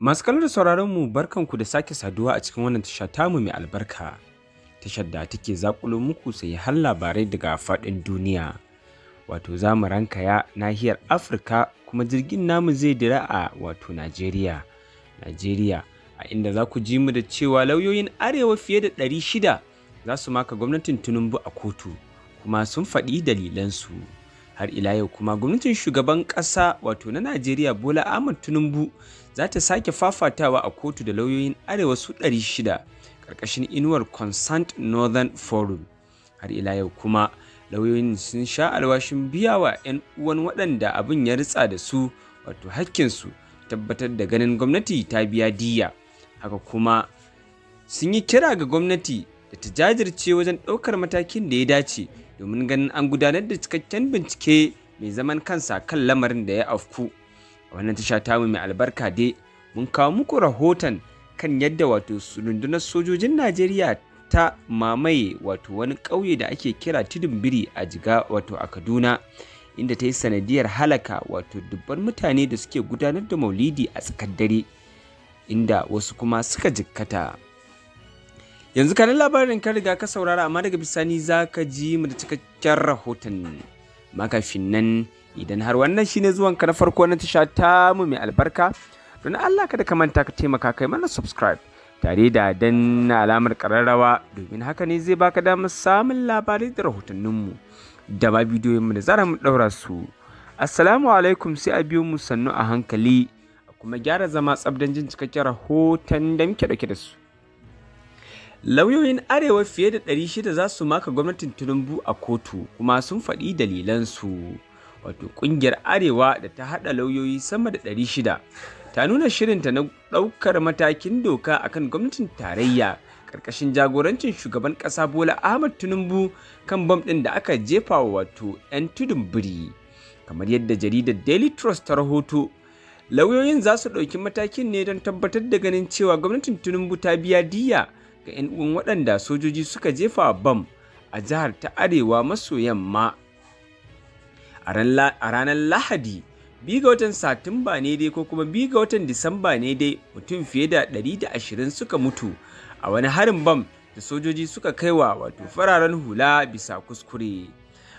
Masu kallon sauraron mu barkanku da sake saduwa a cikin wannan tasha tamu mai albarka. Tashar da take zakulo muku sai har labarai daga faɗin duniya. Wato za mu rankaya nahiyar Afirka kuma jirgin namu zai dira a wato Najeriya. Najeriya a inda za ku ji mu da cewa lauyoyin arewa fiye da ɗari shida za su maka gwamnatin Tinubu a kotu kuma sun faɗi dalilansu. su. har ila yau kuma gwamnatin shugaban ƙasa wato na najeriya bola ahmad tinubu za ta sake fafatawa a kotu da lauyoyin arewa su 600 ƙarƙashin inuwar consent northern forum har ila yau kuma lauyoyin sun sha alwashin biya wa 'yan uwan waɗanda abin ya ritsa da su wato hakkinsu tabbatar da ganin gwamnati ta biya diya haka kuma sun yi kira ga gwamnati da ta jajirce wajen ɗaukar matakin da ya dace domin ganin an gudanar da cikakken bincike mai zaman kansa kan lamarin da ya afku a wannan tasha tamu mai albarka dai mun kawo muku rahoton kan yadda wato rundunar sojojin najeriya ta mamaye wato wani ƙauye da ake kira tudun biri a jiga wato a kaduna inda ta yi sanadiyar halaka wato dubban mutane da suke gudanar da maulidi a tsakar dare inda wasu kuma suka jikkata. yanzu kanin labarin ka riga ka saurara amma daga bisani za ka ji mu da cikakken rahoton makafin nan idan har wannan shine zuwan ka na farko na tasha ta mu mai albarka don Allah kada ka manta ka taimaka kai mana subscribe tare da danna alamar kararrawa domin haka ne zai baka damar samun labarai da rahotanninmu da ba mu da zara mu daura su assalamu alaikum sai a biyo mu sannu a hankali kuma gyara zama tsabdan jin cikakken rahoton da muke dauke da su Lauyoyin Arewa fiye da 600 za su maka gwamnatin Tinubu a kotu kuma sun faɗi dalilansu. Wato ƙungiyar Arewa da ta haɗa lauyoyi sama da 600 ta nuna shirinta na ɗaukar matakin doka akan gwamnatin tarayya ƙarƙashin jagorancin shugaban ƙasa Bola Ahmad Tinubu kan bam ɗin da aka jefa wa wato 'yan tudun biri. Kamar yadda jaridar Daily Trust ta rahoto lauyoyin za su ɗauki matakin ne don tabbatar da ganin cewa gwamnatin tinubu ta biya diya ga 'yan uwan waɗanda sojoji suka jefa bam a jihar ta arewa maso yamma a ranar lahadi biyu ga watan satumba ne dai ko kuma biyu ga watan disamba ne dai mutum fiye da 120 suka mutu a wani harin bam da sojoji suka kaiwa wato fararen hula bisa kuskure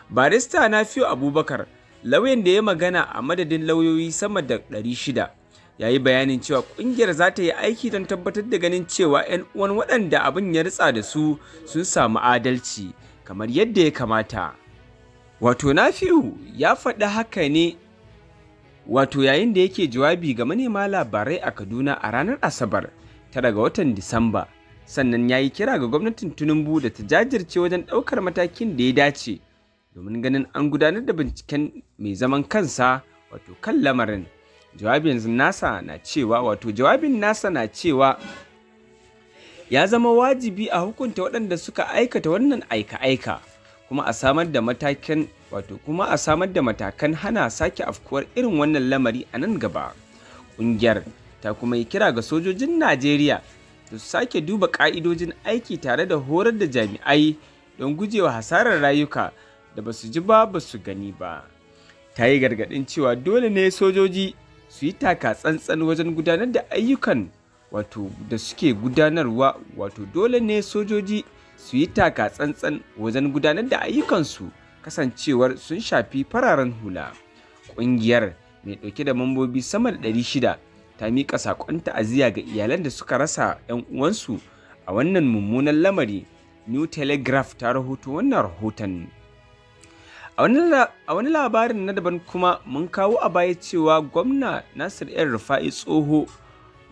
barista na fiyo abubakar lauyan da ya magana a madadin lauyoyi sama da 600 ya yi bayanin cewa kungiyar za ta yi aiki don tabbatar da ganin cewa 'yan uwan waɗanda abin ya ritsa da su sun samu adalci kamar yadda ya kamata wato nafi'u ya faɗi haka ne wato yayin da yake jawabi ga manema labarai a kaduna a ranar asabar tara ga watan disamba sannan ya yi kira ga gwamnatin tinubu da ta jajirce wajen ɗaukar matakin da ya dace domin ganin an gudanar da binciken mai zaman kansa wato kan lamarin jawabin nasa na cewa wato jawabin nasa na cewa ya zama wajibi a hukunta waɗanda suka aikata wannan aika-aika kuma a samar da matakan wato kuma a samar da matakan hana sake afkuwar irin wannan lamari a nan gaba ƙungiyar ta kuma yi kira ga sojojin najeriya da su sake duba ƙa'idojin aiki tare da horar da jami'ai don gujewa hasarar rayuka da ba su ji ba ba su gani ba ta yi gargaɗin cewa dole ne sojoji su yi taka tsantsan wajen gudanar da ayyukan wato da suke gudanarwa wato dole ne sojoji su yi taka tsantsan wajen gudanar da ayyukansu kasancewar sun shafi fararen hula ƙungiyar mai ɗauke da mambobi sama da 600 ta miƙa saƙon ta'aziyya ga iyalan da suka rasa 'yan uwansu a wannan mummunan lamari new telegraph ta rahoto wannan rahoton A wani labarin na daban kuma mun kawo a baya cewa gwamna Nasir el Rufa'i tsoho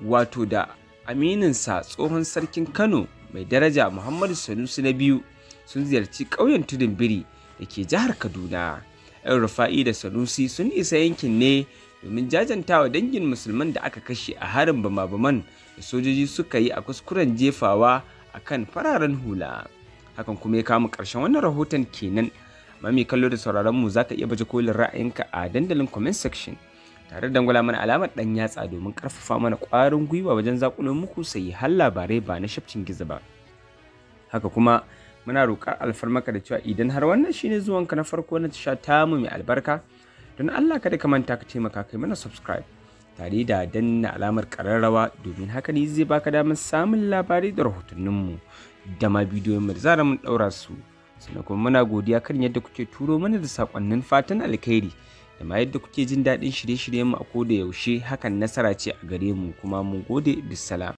wato da amininsa tsohon sarkin Kano mai daraja Muhammadu Sanusi na biyu sun ziyarci ƙauyen tudun biri da ke jihar Kaduna. el Rufa'i da Sanusi sun isa yankin ne domin jajantawa dangin musulman da aka kashe a harin bama-baman da sojoji suka yi a kuskuren jefawa a kan fararen hula. Hakan kuma ya kama ƙarshen wannan rahoton kenan. ma mai kallo da sauraron mu zaka iya baje kolin ra'ayinka a dandalin comment section tare da dangwala mana alamar dan yatsa domin karfafa mana kwarin gwiwa wajen zakulun muku sai har labarai ba na shafcin gizo ba haka kuma muna roƙar alfarmaka da cewa idan har wannan shine zuwanka na farko na tasha mu mai albarka don Allah kada ka manta ka taimaka kai mana subscribe tare da danna alamar kararrawa domin haka ne zai baka damar samun labarai da rahotanninmu da ma bidiyon mu da zara mun daura su sannan kuma muna godiya kan yadda kuke turo mana da sakonnin fatan alkhairi da ma yadda kuke jin daɗin shirye-shiryen mu a koda yaushe hakan nasara ce a gare mu kuma mun gode bisalam